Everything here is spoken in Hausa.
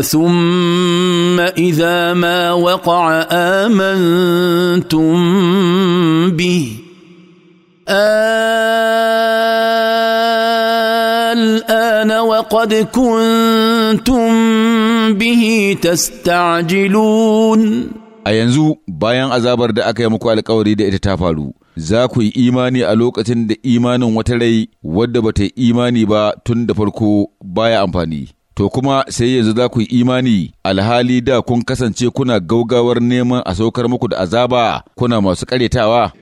أثم إذا ما وقع آمنتم به الآن وقد كنتم به تستعجلون A yanzu bayan azabar da aka yi muku alkawari da ita ta faru, za ku yi imani a lokacin da imanin wata rai wadda bata yi imani ba tun da farko baya amfani. to kuma sai yanzu za ku yi imani alhali da kun kasance kuna gaugawar neman a saukar muku da azaba kuna masu ƙaryatawa.